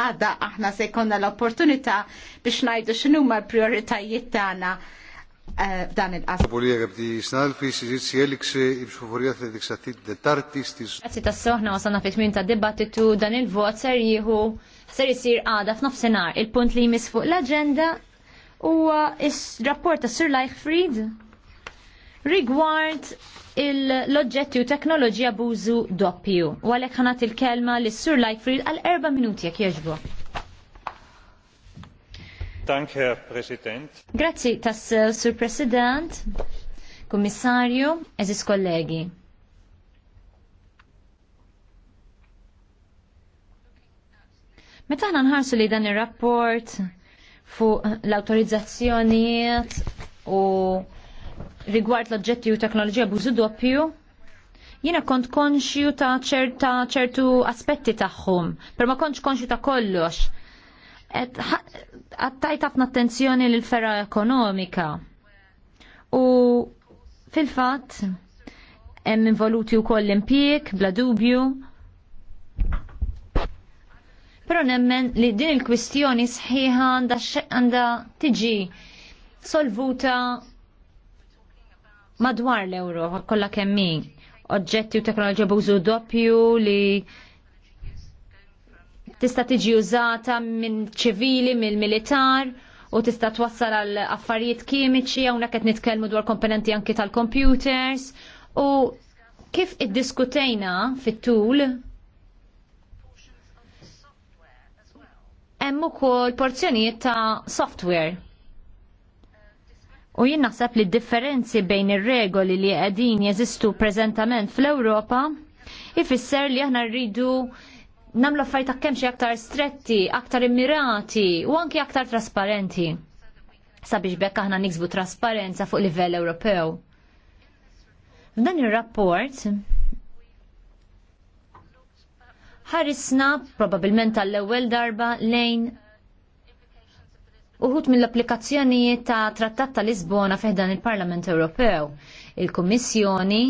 għada aħna se jkollna l-opportunità biex ngħidu x'inhuma l-prioritajiet tagħna eh, f'dan il-qasam. Πολύ αγαπητοί συνάδελφοι, η fi έληξε. Η ψηφοφορία θα διεξαχθεί την Τετάρτη στι. Ser jisir għada f'nofsenar il-punt li jmiss fuq l-agenda huwa s rapport ta' Sir Leichfried rigward l-oġġetti u teknoloġija bużu doppju. U għalek ħanat il-kelma lis sur Lightfield għal erba minuti jekk jieġbu. Dank, Herr President. Grazzi, tas eh, Sur President, Kommissarju, eżis kollegi. Meta ħana nħarsu li dan ir-rapport fuq l-autorizzazzjonijiet u rigward l-oġġetti u teknoloġija bużu doppju, jiena kont konxju ta' ċerta ċertu aspetti tagħhom, per ma kontx konxju ta' kollox. Għattajt ħafna attenzjoni l ferra ekonomika. U fil-fatt hemm involuti wkoll l-impjieg bla dubju. Però nemmen li din il-kwistjoni sħiħa għandha tiġi solvuta madwar l-euro kollha kemm oġġetti u teknoloġija b'użu doppju li tista' tiġi użata minn ċivili, mill militar u tista' twassal għal affarijiet kimiċi hawnhekk qed nitkellmu dwar komponenti anki tal-computers u kif iddiskutejna fit-tul hemm ukoll porzjonijiet ta' software U jien naħseb li d differenzi bejn ir-regoli li qegħdin jeżistu preżentament fl-Ewropa ifisser li aħna rridu nagħmlu affarijiet kemm xi aktar stretti, aktar immirati u anki aktar trasparenti sabiex bekk aħna niksbu trasparenza fuq livell Ewropew. F'dan ir-rapport ħarisna probabilment għall-ewwel darba lejn uħut mill-applikazzjonijiet ta' Trattat ta' Lisbona fiħdan il-Parlament Ewropew. Il-Kummissjoni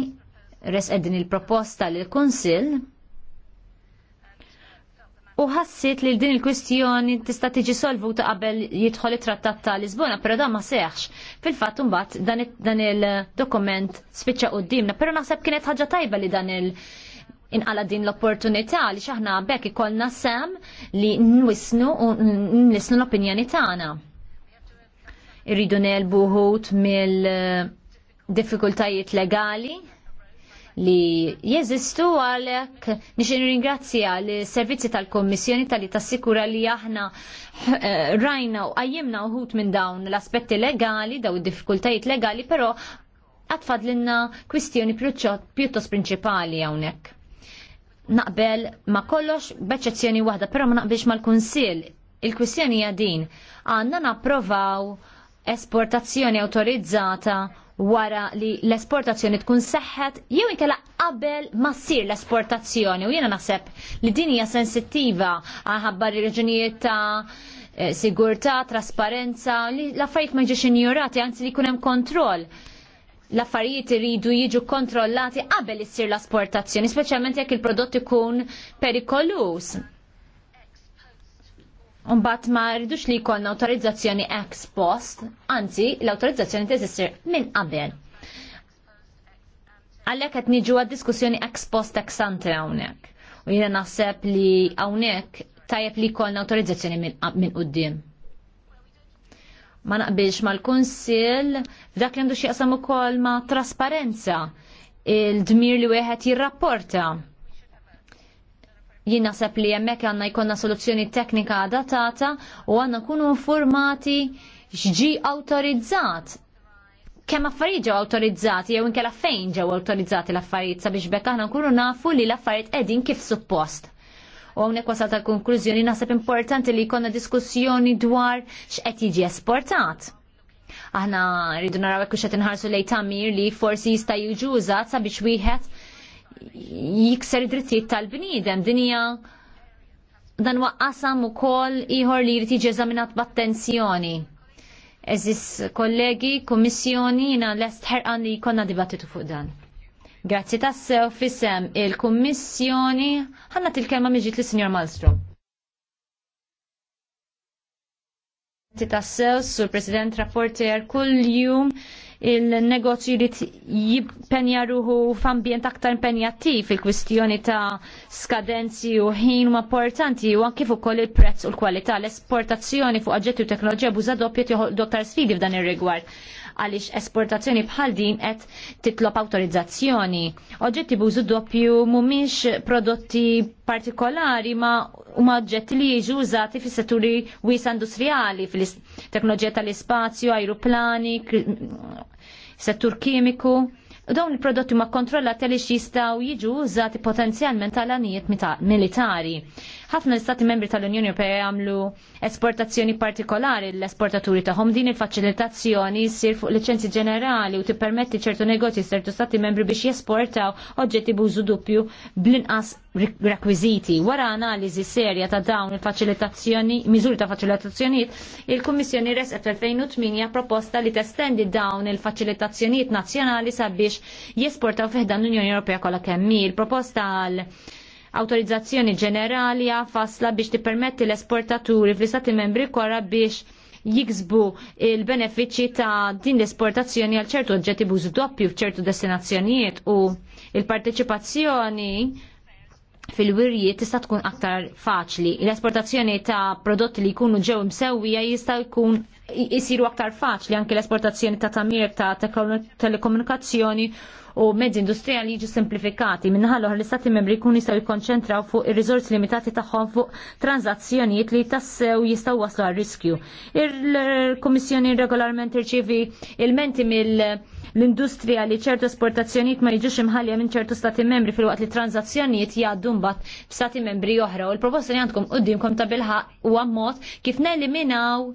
resqed din il-proposta l kunsill u ħassit li din il-kwistjoni tista' tiġi solvuta qabel jidħol it-Trattat ta' Lisbona, però dan ma seħx. Fil-fatt imbagħad dan il-dokument spiċċa qudiemna, però naħseb kienet ħaġa tajba li dan il- inqala din l-opportunità li xaħna bekk ikollna sem li nwisnu u nlisnu l-opinjoni tagħna. Irridu nelbu ħut mill-diffikultajiet legali li jeżistu għalek nixin ringrazzja li servizzi tal-Kommissjoni tal-li tassikura li aħna eh, rajna u għajjimna uħut minn dawn l-aspetti legali, daw id-diffikultajiet legali, pero għatfad l kwistjoni pjuttos prinċipali għawnek naqbel ma kollox b'eċċezzjoni waħda, però ma naqbilx mal-Kunsill. Il-kwistjoni hija din. Għandna napprovaw esportazzjoni autorizzata wara li l-esportazzjoni tkun seħħet jew inkella qabel ma ssir l-esportazzjoni u jiena naħseb li din hija sensittiva għal ħabbar il-reġunijiet ta' eh, sigurtà, trasparenza, li l-affarijiet ma jiġix injurati, anzi li jkun hemm kontroll l-affarijiet iridu jiġu kontrollati qabel issir l-asportazzjoni, speċjalment jekk il-prodott ikun perikolus. Unbat ma rridux li jkollna autorizzazzjoni ex post, anzi l-autorizzazzjoni teżissir minn qabel. Għalhekk qed niġu għad-diskussjoni ex post ex ante hawnhekk. U jiena naħseb li hawnhekk tajjeb li jkollna autorizzazzjoni minn qudiem ma naqbilx mal-Kunsill f'dak li għandu xieqsam ukoll ma' trasparenza il-dmir li wieħed jirrapporta. Jien naħseb li hemmhekk għandna jkollna soluzzjoni teknika adattata u għandna nkunu informati x'ġi awtorizzat kemm affarijiet ġew awtorizzati jew inkella fejn ġew awtorizzati l-affarijiet sabiex bekk aħna nkunu nafu li l-affarijiet qegħdin kif suppost u hawnhekk wasal tal-konklużjoni naħseb importanti li jkollna diskussjoni dwar x'qed jiġi esportat. Aħna rridu naraw hekk qed inħarsu lejn tamir li forsi jista' jiġu użat sabiex wieħed jikser id-drittijiet tal-bniedem din hija dan waqqasam ukoll ieħor li jrid jiġi eżaminat b'attenzjoni. Eżis kollegi, kommissjoni, jina lest ħerqan li jkollna dibattitu fuq dan. Grazzi tassew fissem il-Kummissjoni. Għanna til-kelma miġit li Sinjor Malstrom. Grazzi tassew, sur President Rapporter, kull jum il-negozju li jippenja ruħu f'ambjent aktar impenjattiv il-kwistjoni ta' skadenzi u ħin huma importanti u anke fuq ukoll il-prezz u l-kwalità l-esportazzjoni fuq aġġetti u teknoloġija buża doppju tieħu doktar sfidi f'dan ir-rigward għaliex esportazzjoni bħal din qed titlob awtorizzazzjoni. Oġġetti b'użu doppju mhumiex prodotti partikolari ma huma oġġetti li jiġu użati fis-setturi wiesa industrijali fil-teknoloġija tal-ispazju, ajruplani, settur kimiku. Dawn il-prodotti ma kontrollati għaliex jistgħu jiġu użati potenzjalment għal anijiet militari ħafna l-Stati membri tal-Unjoni Ewropea jagħmlu esportazzjoni partikolari l-esportaturi tagħhom din il-faċilitazzjoni ssir fuq liċenzi ġenerali u tippermetti ċertu negozji ċertu Stati membri biex jesportaw oġġetti b'użu dupju bl-inqas rekwiżiti. Wara analiżi serja ta' dawn il-faċilitazzjoni, miżuri ta' faċilitazzjonijiet, il-Kummissjoni resqet 2008 proposta li testendi dawn il-faċilitazzjonijiet nazzjonali sabiex jesportaw fiħdan l-Unjoni Ewropea kollha kemm il-proposta għal autorizzazzjoni ġenerali għafasla biex tippermetti l-esportaturi fl-istati membri korra biex jiksbu il-benefiċi ta' din l-esportazzjoni għal ċertu oġġetti buż doppju f'ċertu destinazzjonijiet u il-parteċipazzjoni fil-wirji tista' tkun aktar faċli. L-esportazzjoni ta' prodotti li jkunu ġew msewwija jista' jkun jisiru aktar faċli anke l-esportazzjoni ta' tamir ta' telekomunikazzjoni u mezzi industrijali jiġu simplifikati minnaħal l istati membri kun jistaw jikkonċentraw fuq ir-riżorsi limitati tagħhom fuq tranzazzjonijiet li tassew jistaw waslu għal riskju. il komissjoni regolarment irċivi il-menti mill l-industrija li ċertu esportazzjonijiet ma jiġux imħallija minn ċertu stati membri fil-waqt li tranzazzjonijiet jgħaddu mbagħad f'stati membri oħra u l-proposta li għandkom qudiemkom ta' bilħaq huwa mod kif neliminaw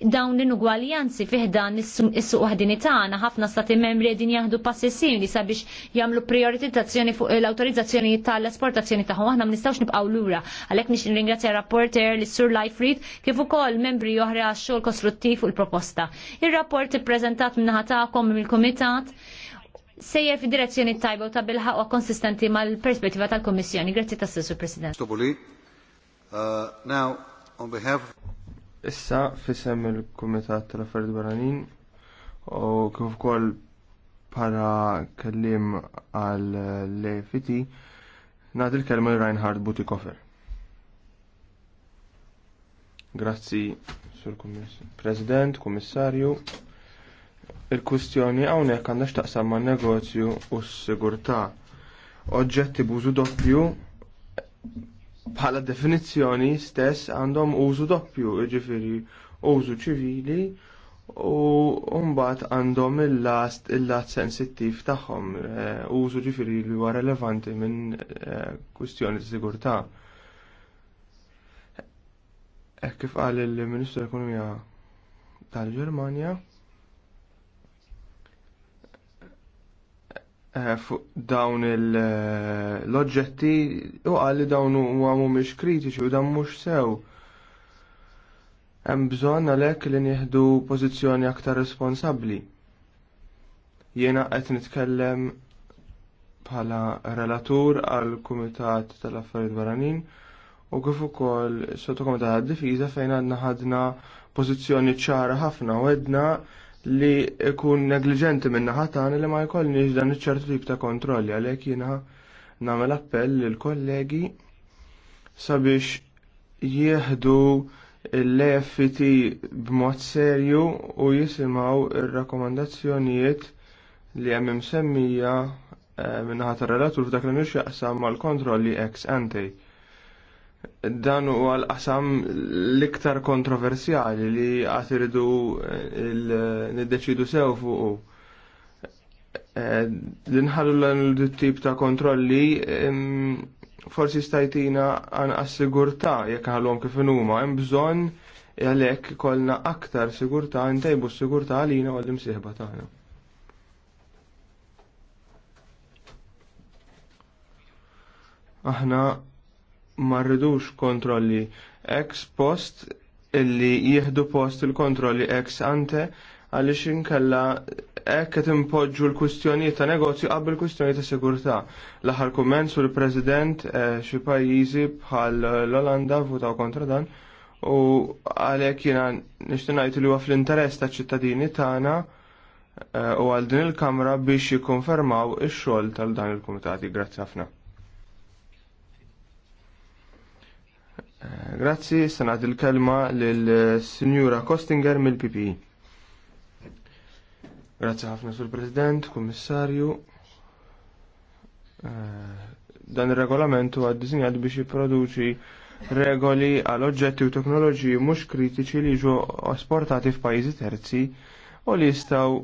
dawn l-inugwaljanzi fiħdan is-suq waħdini tagħna ħafna stati membri qegħdin jaħdu passi simili sabiex jagħmlu prioritizzazzjoni fuq l-awtorizzazzjoni tal-esportazzjoni tagħhom aħna ma nistgħux nibqgħu lura. Għalhekk nix nirringrazzja rapporter lis sur Read kif ukoll membri oħra għax-xogħol kostruttiv fuq il-proposta. Ir-rapport ippreżentat minnaħa tagħkom mill-kumitat sejjer fi direzzjoni tajba u ta' ħaqwa konsistenti mal-perspettiva tal-Kommissjoni. Grazzi tas-Sur President. Uh, now, on behalf Issa fisem il-Kumitat tal-Affarijiet Barranin u kif ukoll para kellim għal l-FT nagħti l-kelma Reinhard Butikofer. Grazzi, Sur President, Kummissarju. Il-kustjoni hawnhekk għandha x'taqsam man negozju u s-sigurtà. Oġġetti bużu doppju bħala definizzjoni stess għandhom użu doppju, ġifiri użu ċivili u mbagħad għandhom il-last il-lat sensittiv tagħhom eh, użu ġifiri li huwa relevanti minn eh, kustjoni ta' sigurtà. Hekk eh, kif qal il-Ministru l ekonomija tal-Ġermanja, Eh, fuq dawn eh, l-oġġetti u għalli dawn għamu mhumiex kritiċi u dan mhux sew. Hemm bżonn għalhekk li nieħdu pożizzjoni aktar responsabbli. Jiena qed nitkellem bħala relatur għal Kumitat tal-Affarijiet Barranin u kif ukoll sottokomitat għad-difiża fejn għandna ħadna pożizzjoni ċara ħafna u għedna li ikun negliġenti minna ħatan li ma jkollniex dan iċ-ċertu tip ta' kontrolli għalhekk jiena nagħmel appell lil kollegi sabiex jieħdu l-EFT b'mod serju u jisimaw ir-rakkomandazzjonijiet li hemm imsemmija eh, minnaħat tar-relatur f'dak li jaqsam mal-kontrolli ex ante dan huwa l-qasam l-iktar kontroversjali li għat iridu eh, niddeċidu sew fuq. L-inħallu eh, l-tip ta' kontrolli forsi stajtina għan għas-sigurta jekk ħallhom kif huma hemm bżonn għalhekk kolna aktar sigurta ntejbu s-sigurta għalina u siħba imsieħba tagħna. Aħna ma rridux kontrolli ex post illi jieħdu post il-kontrolli ex ante għaliex inkella hekk qed impoġġu l-kwistjonijiet ta' negozju qabel kwistjonijiet ta' sigurtà. L-aħħar kumment sur president eh, xi pajjiżi bħal l-Olanda votaw kontra dan u għalhekk jiena nixtieq ngħid li huwa fl-interess taċ ċittadini tagħna eh, u għal din il-Kamra biex jikkonfermaw ix-xogħol tal dan il-Kumitati. Grazzi ħafna. Grazzi, sanat il-kelma l-Sinjura eh, Kostinger mill-PP. E. Grazzi ħafna sur President, Kommissarju. Eh, dan il-regolament huwa ddisinjat biex jipproduċi regoli għal oġġetti u teknoloġiji mhux kritiċi li ġu esportati f'pajjiżi terzi u li jistaw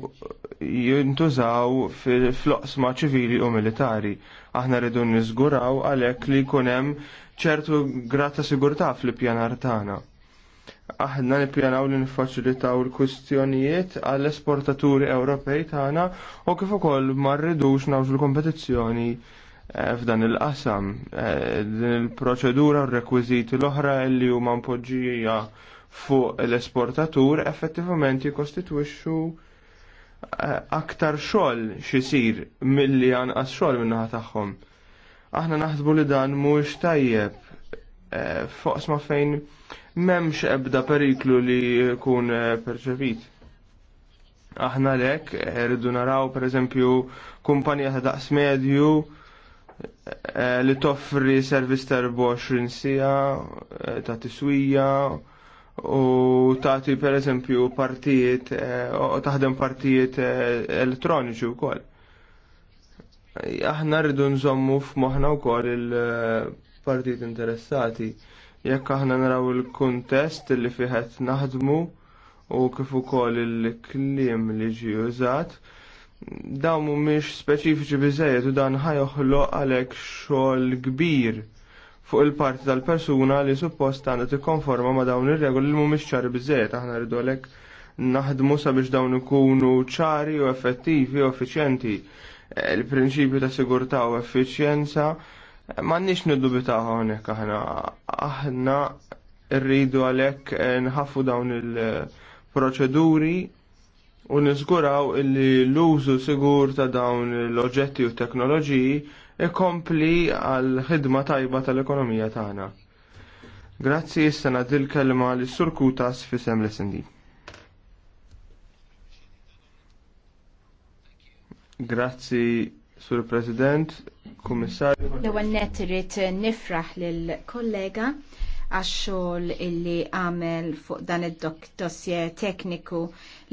jintużaw fil-floqsma ċivili u militari. Aħna rridu nizguraw għalek li kunem ċertu grata sigurtà fl-ippjanar tagħna. Aħna nippjanaw li niffaċilitaw l-kwistjonijiet għall-esportaturi Ewropej tagħna u kif ukoll ma rridux nawżu l-kompetizzjoni eh, f'dan il-qasam. Eh, din il-proċedura u r-rekwiżiti l-oħra li huma mpoġġija fuq l-esportatur effettivament jikostitwixxu eh, aktar xogħol xisir milli anqas xogħol min-naħa tagħhom. Aħna naħsbu li dan mhuwiex tajjeb eh, foqsma fejn memx ebda periklu li jkun eh, perċevit. Aħna lek, eh, rridu naraw per eżempju kumpanija ta' daqs medju li toffri servis ta' 24 sija ta' tiswija u tagħti per eżempju partijiet taħdem partijiet elettroniċi wkoll aħna rridu nżommu f'moħħna wkoll il-partit interessati. Jekk aħna naraw il-kuntest li fiħet naħdmu u kif ukoll il-kliem li ġi użat, dawn mhumiex speċifiċi biżejjed u dan ħajoħloq għalhekk xogħol kbir fuq il-parti tal-persuna li suppost għandha tikkonforma ma' dawn ir-regoli li mhumiex ċari biżejjed aħna rridu għalhekk naħdmu sabiex dawn ikunu ċari u effettivi u effiċjenti il-prinċipju ta' sigurtà u effiċjenza m'għandniex niddubitaw hawnhekk aħna aħna rridu għalhekk eh, nħaffu dawn il-proċeduri u niżguraw li l-użu sigur ta' dawn l-oġġetti u teknoloġiji ikompli għal ħidma tajba tal-ekonomija tagħna. Grazzi issa nadil kelma l-Sur fi sem l-SND. Grazzi, Sur President, Kummissarju. L-ewwel net irid nifraħ lill-kollega għax-xogħol illi għamel fuq dan id-dossier tekniku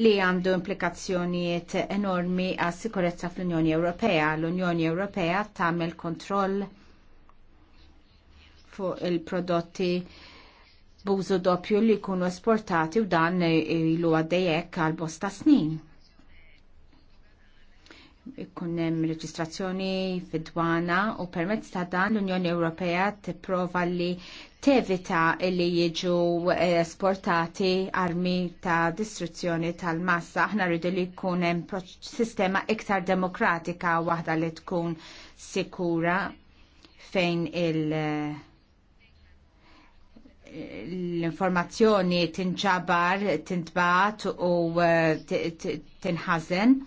li għandu implikazzjonijiet enormi għas sikurezza fl-Unjoni Ewropea. L-Unjoni Ewropea tagħmel kontroll fuq il-prodotti b'użu doppju li jkunu esportati u dan ilu għaddejjek għal bosta snin hemm reġistrazzjoni fid-dwana u permezz ta' dan l-Unjoni Ewropea tipprova li tevita li jiġu eh, esportati armi ta' distruzzjoni tal-massa. Aħna rridu li jkun hemm sistema iktar demokratika waħda li tkun sikura fejn il- l-informazzjoni tinġabar, tintbat u eh, tinħazen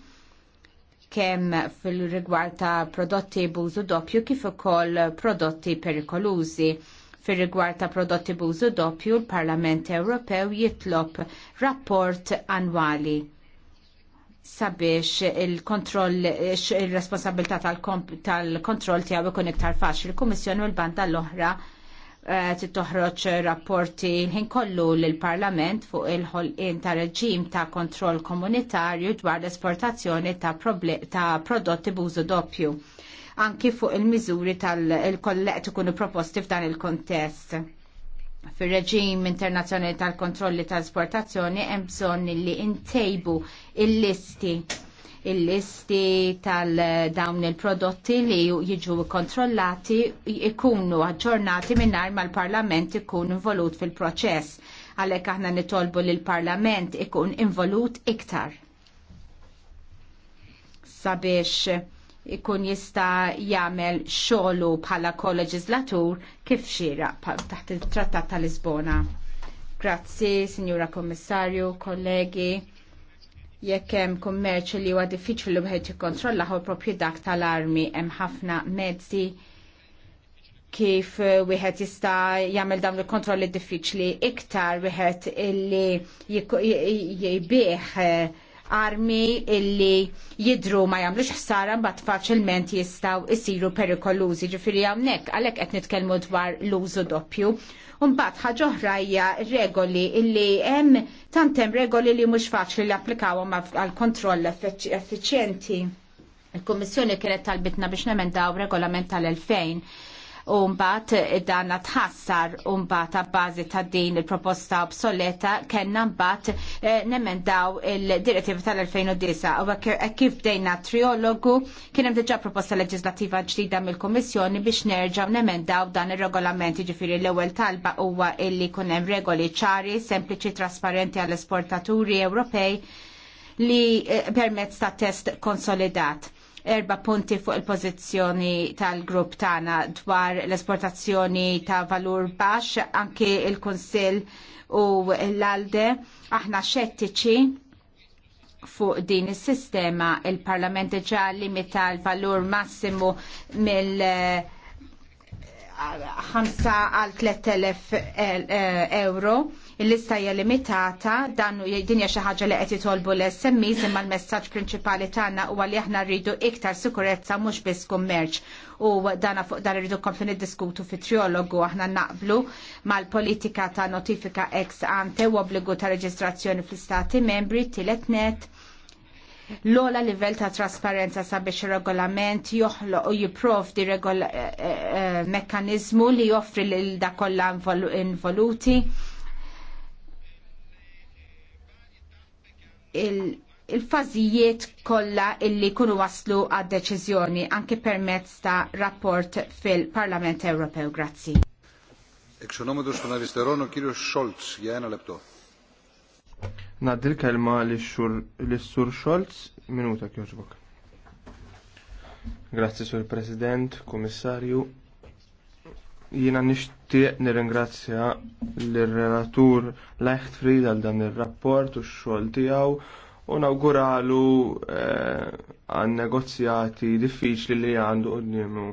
kemm fil-rigward ta' prodotti bużu doppju kif ukoll prodotti perikolużi. Fil-rigward ta' prodotti bużu doppju, l-Parlament Ewropew jitlob rapport annwali sabiex il-kontroll, il-responsabilità tal-kontroll tiegħu ikun iktar faċli. Il-Kummissjoni u l-banda l-oħra toħroġ rapporti l-ħin kollu l-Parlament fuq il-ħolqien ta' reġim ta' kontroll komunitarju dwar l-esportazzjoni ta', ta prodotti bużu doppju anki fuq il-miżuri tal-kollett ikunu proposti f'dan il-kontest. Fir-reġim internazzjonali tal-kontrolli tal-esportazzjoni hemm bżonn li intejbu il-listi il-listi tal-dawn il-prodotti li jiġu kontrollati ikunu aġġornati minnar mal-Parlament ikun involut fil-proċess. Għalek aħna nitolbu li l-Parlament ikun involut iktar. Sabiex ikun jista jagħmel xogħlu bħala koleġislatur kif xira taħt il-Trattat tal-Lisbona. Grazzi, Signora Kommissarju, kollegi jekk hemm kummerċ li huwa diffiċli wieħed jikkontrolla ħol proprju dak tal-armi hemm ħafna mezzi kif wieħed jista' jagħmel dawn il-kontrolli diffiċli iktar wieħed illi jibih eh, armi illi jidru ma jagħmlux ħsara mbagħad faċilment jistgħu jsiru perikolużi. ġifiri hawnhekk għalhekk qed nitkellmu dwar l-użu doppju. Mbagħad ħaġa oħra hija regoli illi hemm tant hemm regoli li mhux faċli li applikawhom għal kontroll effiċjenti. Il-Kummissjoni kienet talbitna biex nemendaw regolament tal-2000 u mbagħad dan tħassar u mbagħad ta' din il-proposta obsoleta kena mbagħad eh, nemendaw il-direttiva tal-2009 u kif bdejna triologu kien hemm diġà proposta leġislattiva ġdida mill-Kummissjoni biex nerġaw nemendaw dan ir regolamenti ġifiri l-ewwel talba huwa illi kunem hemm regoli ċari, sempliċi, trasparenti għall-esportaturi Ewropej li eh, permezz ta' test konsolidat erba punti fuq il-pozizjoni tal-grupp tagħna dwar l-esportazzjoni ta' valur baxx, anke il-Kunsill u l-Alde, aħna xettiċi fuq din is-sistema il il-Parlament ġa limita l-valur massimu mill- 5 eh, għal 3000 eh, eh, euro Il-lista hija limitata, dan dinja xi ħaġa li qed jitolbu l smi imma l-messaġġ prinċipali tagħna huwa li aħna rridu iktar sikurezza mhux biss kummerċ u dana fuq dan irridu kompli niddiskutu fi triologu aħna naqblu mal-politika ta' notifika ex ante u obbligu ta' reġistrazzjoni fl-istati membri tilet net l-ola livell ta' trasparenza sabiex regolament joħloq u di regol eh, eh, eh li joffri lil da kollha involuti. Invol il fazijiet il kollha illi kunu waslu għad deċiżjoni anke permezz ta' rapport fil-Parlament Ewropew. Grazzi. Εξονόματος των αριστερών ο κύριος Σόλτς για Naddil kelma l-Sur Scholz, minuta kjoġbok. Grazzi Sur President, Komissarju, Jiena nixtieq nirringrazzja l-relatur Leicht Fried għal dan ir-rapport u x-xogħol tiegħu u nawguralu eh, għan negozjati diffiċli li għandu qoddimu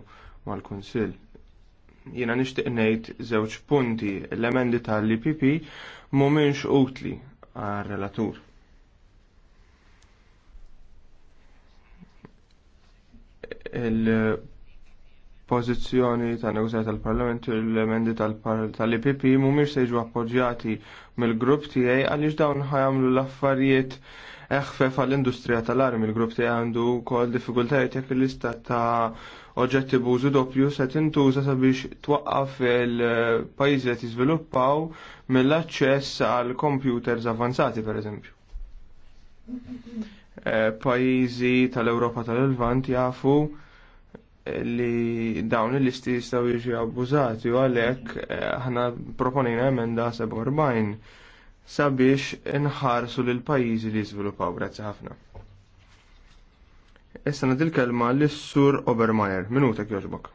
mal-Kunsill. Jiena nixtieq ngħid żewġ punti l-emendi tal-IPP mhumiex utli għar-relatur. il pożizzjoni ta' negozjat tal-Parlament u l-emendi tal-IPP mhumiex se appoġġjati mill-grupp tiegħi għaliex dawn ħajamlu l-affarijiet eħfef għall-industrija tal-armi. Il-grupp tiegħi għandu wkoll diffikultajiet jekk il-lista ta' oġġetti bużu doppju se tintuża sabiex twaqqaf il-pajjiżi li jiżviluppaw mill-aċċess għal computers avanzati pereżempju. Eh, pajjiżi tal-Ewropa tal-Lvant jafu li dawn il-listi jistaw jiġi abbużati u għalhekk eh, aħna proponina emenda 47 sabiex nħarsu l pajjiżi li jizvilupaw grazzi ħafna. Issa nadil kelma lis sur Obermeyer, minutek joġbok.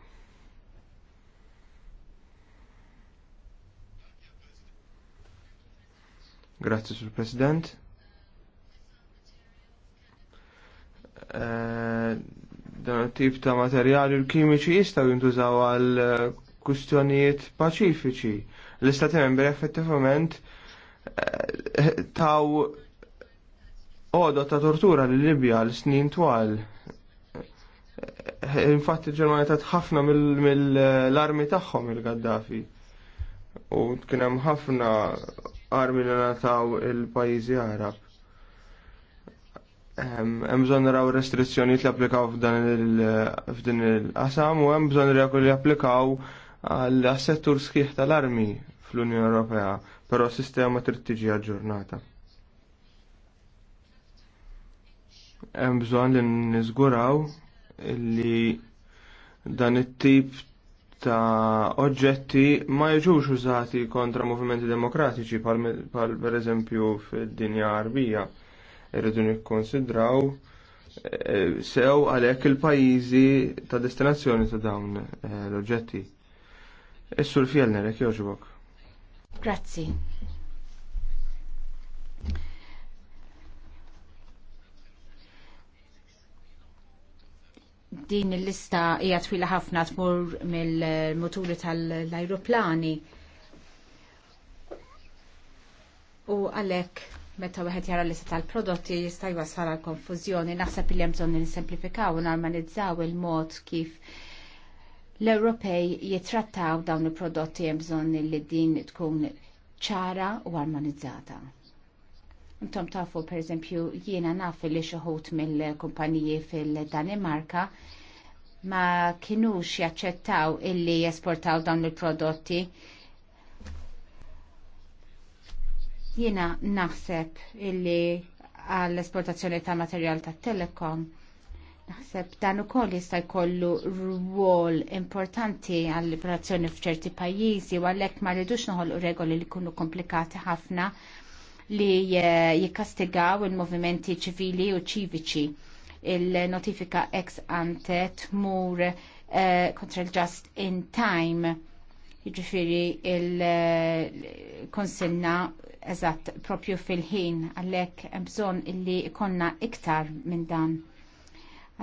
Grazzi sur President. Uh dan tip ta' materjali l-kimiċi jistaw jintużaw għal eh, kustjonijiet paċifiċi. L-istati membri effettivament eh, taw oda ta' tortura li Libja l-snin twal. Eh, infatti il-Ġermanja tat ħafna mill-armi tagħhom il-Gaddafi. U kien hemm ħafna armi li nataw il-pajjiżi Arab hemm bżonn naraw restrizzjonijiet li applikaw f'din il-qasam u hemm bżonn regoli li applikaw għal settur sħiħ tal-armi fl-Unjoni Ewropea, però sistema trid tiġi aġġurnata. Hemm bżonn li niżguraw li dan it-tip ta' oġġetti ma jiġux użati kontra movimenti demokratiċi pal, pal per eżempju fid-dinja arbija irridu nikkonsidraw eh, sew għalhekk il-pajjiżi ta' destinazzjoni ta' dawn eh, l-oġġetti. Is-sur Fjellner jekk jogħġbok. Grazzi. din il-lista hija twila ħafna tmur mill-moturi tal-ajruplani. U għalhekk meta wieħed jara l-lista tal-prodotti jista' jwassal għal konfużjoni. Naħseb li hemm bżonn nisimplifikaw u normalizzaw il-mod kif l-Ewropej jitrattaw dawn il-prodotti hemm bżonn li din tkun ċara u armonizzata. Intom tafu pereżempju jiena naf li xi ħut mill-kumpaniji fil-Danimarka ma kinux jaċċettaw illi jesportaw dawn il-prodotti Jiena naħseb illi għall-esportazzjoni ta' materjal ta' telekom Naħseb dan ukoll jista' jkollu rwol importanti għall liberazzjoni f'ċerti pajjiżi u għalhekk ma rridux noħolqu regoli li jkunu komplikati ħafna li eh, jikkastigaw il-movimenti ċivili u ċiviċi il-notifika ex ante tmur eh, kontra l-just in time. Jiġifieri il-konsilna eh, eżatt propju fil-ħin għalhekk hemm bżonn illi jkollna iktar minn dan.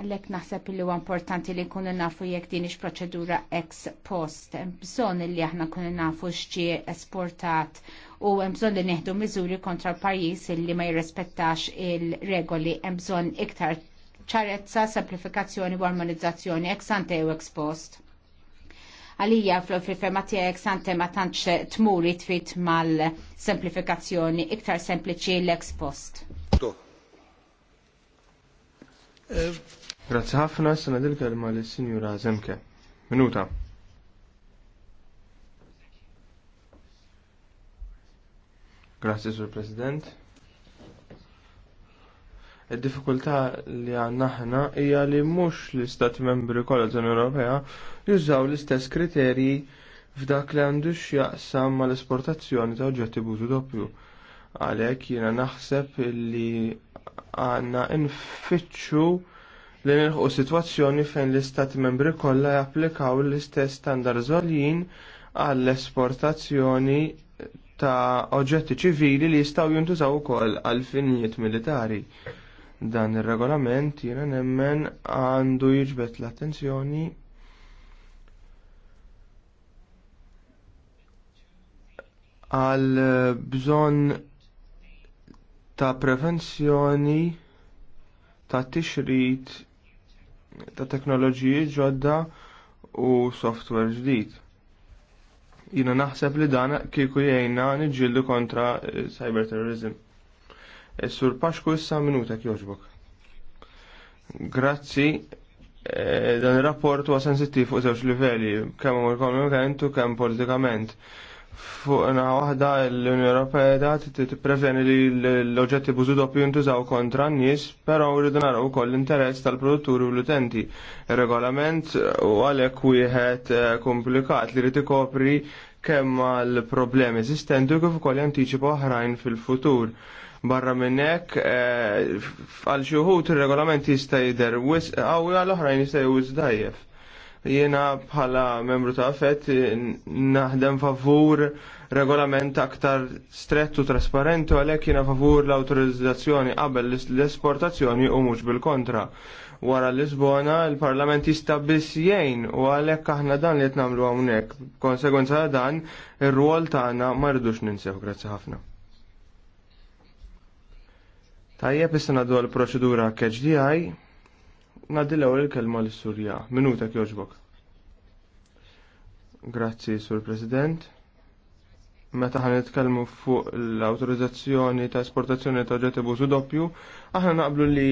Għalhekk naħseb illi huwa importanti li kunu nafu jekk din ix proċedura ex post. Hemm bżonn illi aħna kunu nafu x'ġie esportat u hemm bżonn li neħdu miżuri kontra pajjiż illi ma jirrespettax il-regoli, hemm bżonn iktar ċarezza, semplifikazzjoni u armonizzazzjoni ex ante u ex post għalija fil-ferma tiegħek sante ma tantx tmuri tfit mal-semplifikazzjoni iktar sempliċi l-ex post. Grazie ħafna, sena dil-kelma l-Sinjura Zemke. Minuta. Grazie, Sur President. Il-diffikultà li għanna aħna hija li mhux l-Istati Membri kollha tal Ewropea jużaw l-istess kriterji f'dak li għandu x'jaqsam mal-esportazzjoni ta' oġġetti bużu doppju. Għalhekk jiena naħseb li għandna nfittxu li nilħu situazzjoni fejn l-istati membri kollha japplikaw l-istess standard żoljin għall-esportazzjoni ta' oġġetti ċivili li jistgħu jintużaw ukoll għal finijiet militari. Dan ir-regolament jiena nemmen għandu jiġbet l-attenzjoni għal bżonn ta' prevenzjoni ta' tixrid ta' teknoloġiji ġodda u software ġdid. Jiena naħseb li dan kieku jgħinna niġġieldu kontra eh, cyberterrorism. Sur Paxku issa minuta kjoġbok. Grazzi, eh, dan il-rapport huwa sensittiv fuq żewġ livelli, kemm ekonomikament u kemm politikament. Fuq na waħda l-Unjoni Ewropea da tippreveni li l-oġġetti bużu doppju jintużaw kontra n-nies, però rridu naraw ukoll l-interess tal-produtturi u l-utenti. Ir-regolament u għalhekk wieħed eh, komplikat li rid ikopri kemm għal problemi eżistenti u kif ukoll jantiċipa oħrajn fil-futur Barra minnek, eh, għal xuħut il-regolament jista' jider wis għawi għal oħrajn jista' jwis dajjef. Jiena bħala membru ta' fett naħdem favur regolament aktar strettu trasparenti għalhekk jiena favur l-awtorizzazzjoni qabel l-esportazzjoni u mhux bil-kontra. Wara l-Lisbona il-Parlament jista' biss jgħin u għalhekk aħna dan li qed nagħmlu hawnhekk. Konsegwenza dan ir ruol tagħna ma rridux ninsew. Grazzi ħafna. Tajjeb issa nadu għal-proċedura KHDI, l-ewwel il-kelma l-Surja. Minuta kjoġbok. Grazzi, Sur President. Meta ħan nitkellmu fuq l-autorizzazzjoni ta' esportazzjoni ta' oġġetti bużu doppju, aħna naqblu li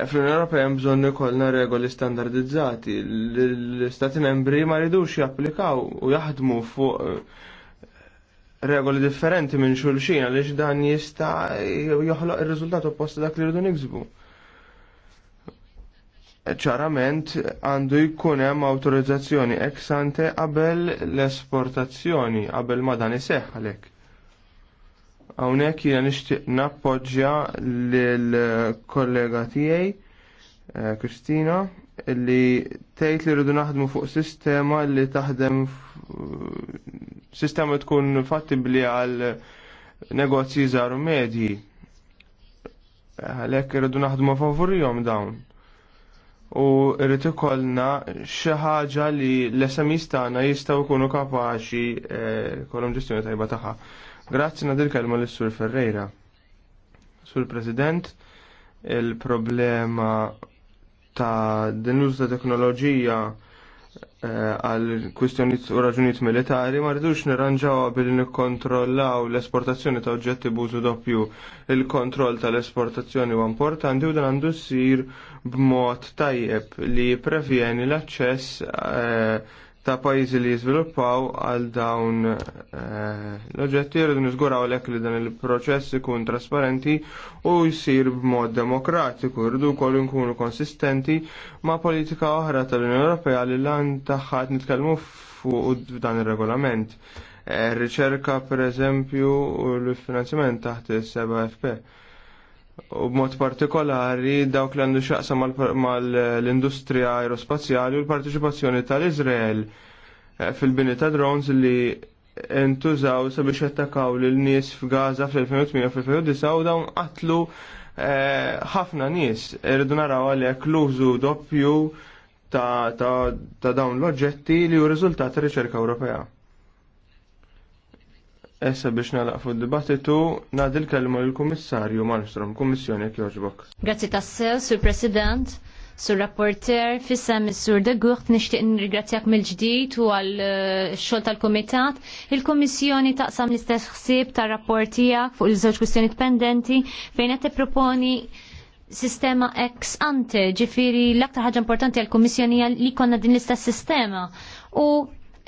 fl-Unjoni Ewropea hemm bżonn ikollna regoli standardizzati. L-Stati membri ma rridux japplikaw u jaħdmu fuq regoli differenti minn xulxin għaliex dan jista' joħloq ir-riżultat opposta dak li rridu niksbu. Ċarament għandu jkun hemm awtorizzazzjoni ex ante qabel l-esportazzjoni qabel ma dan iseħħ għalhekk. Hawnhekk jiena nixtieq nappoġġja lil kollega tiegħi eh, Kristina li tgħid li rridu naħdmu fuq sistema li taħdem sistema tkun fattibli għal negozji żaru medji. Għalhekk irridu naħdmu favorihom dawn. U irrid ikollna xi ħaġa li l-SMIs tagħna jistgħu jkunu kapaċi jkollhom eh, ġestjoni tajba tagħha. Grazzi nadil kelma lis-Sur Ferreira. Sur President, il-problema ta' din l-użu ta' teknoloġija Eh, għal kwistjoniet u raġunijiet militari ma rridux nirranġaw għabil nikkontrollaw l-esportazzjoni ta' oġġetti bużu doppju. Il-kontroll tal-esportazzjoni huwa importanti u dan għandu ssir b'mod tajjeb li prevjeni l-aċċess eh, ta' pajjiżi li jizviluppaw għal dawn eh, l-oġġetti jridu nizguraw lek li dan il-proċess ikun trasparenti u jsir b'mod demokratiku, rridu wkoll nkunu konsistenti ma' politika oħra tal-Unjoni Ewropea li lan taħħat nitkellmu fuq dan ir-regolament. Eh, riċerka per eżempju u l finanzjament taħt is-7FP u b'mod partikolari dawk li għandu xaqsa mal-industrija aerospazjali u l-partiċipazzjoni tal-Izrael eh, fil-bini ta' drones li intużaw sabiex jattakaw lil nies f'Gaza fl-2008 fil-2009 u dawn qatlu eh, ħafna nies. Irridu naraw għalhekk l-użu doppju ta' dawn l-oġġetti li u rizultat ta' riċerka Ewropea. Essa biex nalaqfu d-dibattitu, nadil kelmu l-Kummissarju Malmstrom, Kummissjoni Kjoġbok. Grazzi tassew, Sur President, Sur Rapporter, fissa Sur De Gucht, nishtiq n-rigrazzjak mill-ġdijt u għal-xol eh, tal-Komitat. Il-Kommissjoni taqsam l-istess xsib tal-rapportijak fuq il-żewġ kustjoni pendenti fejn qed proponi sistema ex ante, ġifiri l-aktar ħaġa importanti għal-Kommissjoni li konna din l-istess sistema u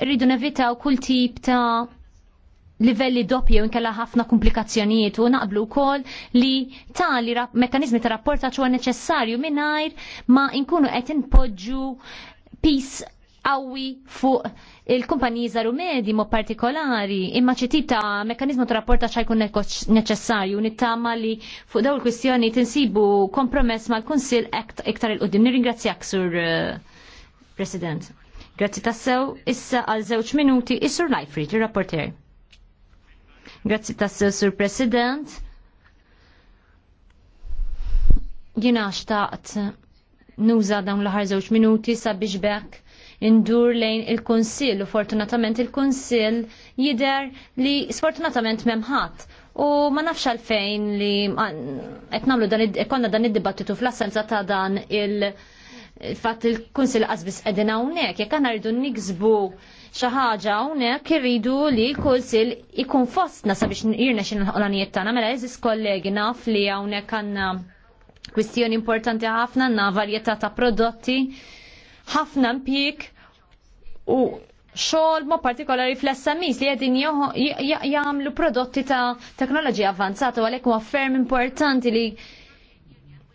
rridu nevitaw kull tip ta' livelli u nkella ħafna komplikazzjonijiet u naqblu wkoll li tali mekkanizmi ta' rapporta huwa neċessarju mingħajr ma nkunu qed inpoġġu pis qawwi fuq il-kumpaniji żaru medi mo partikolari imma xi ta' mekkaniżmu ta' rapporta jkun neċessarju nittama li fuq dawn il-kwistjoni tinsibu kompromess mal-Kunsill iktar il-qudiem. Nirringrazzjak sur eh, President. Grazzi tassew, issa għal żewġ minuti is-Sur Lajfrid, il-rapporter. Grazzi tas sur President. Jina xtaqt nuża dawn l-ħar żewġ minuti sabiex bekk indur lejn il-Kunsill u fortunatament il-Kunsill jider li sfortunatament memħat. U ma nafx għalfejn li qed nagħmlu dan dan id-dibattitu fl-assenza ta' dan il- fatt il-Kunsill qasbis qegħdin hawnhekk, jekk aħna rridu niksbu xaħġa ħaġa hawnhekk irridu li kolsil ikun fostna sabiex jirna xin l-anijiet tana, mela eżis kollegi naf li hawnhekk għandna kwistjoni importanti ħafna għandna varjetà ta' prodotti ħafna mpik u xogħol ma' partikolari fl-SMEs li għedin jagħmlu prodotti ta' teknoloġija avanzata u għalhekk huwa ferm importanti li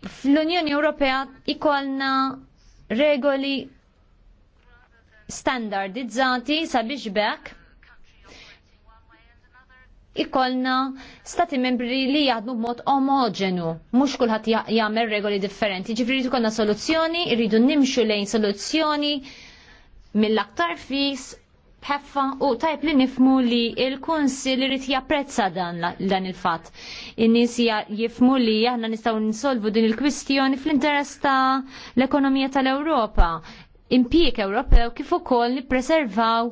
fl-Unjoni Ewropea ikolna regoli standardizzati sabiex bekk ikolna stati membri li jaħdmu b'mod omogenu, mhux kulħadd jagħmel regoli differenti. Ġifri rridu konna soluzzjoni, rridu nimxu lejn soluzzjoni mill-aktar fis bħeffa u tajb li nifmu li il-kunsil irrit japprezza dan, dan il-fat. In-nies jifmu li aħna nistgħu ninsolvu din il-kwistjoni fl-interess ta' l-ekonomija tal-Ewropa impjieg Ewropew kif ukoll nippreservaw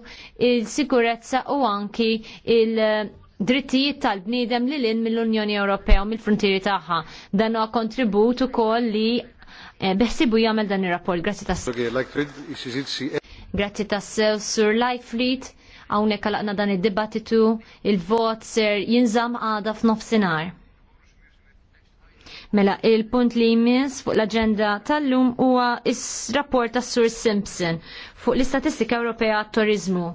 il-sikurezza u anki il- drittijiet tal-bniedem li l-in mill-Unjoni Ewropea u mill-frontieri tagħha. Dan huwa kontribut ukoll li eh, beħsibu jagħmel dan ir-rapport. Grazzi tas. Grazzi tas tas-sew Sur Lightfleet hawnhekk għalaqna dan id-dibattitu il-vot ser jinżam għada f'nofsinhar. Mela, il-punt li jmiss fuq l-agenda tal-lum huwa is-rapport tas Sur Simpson fuq l-Istatistika Ewropea għat-Turizmu.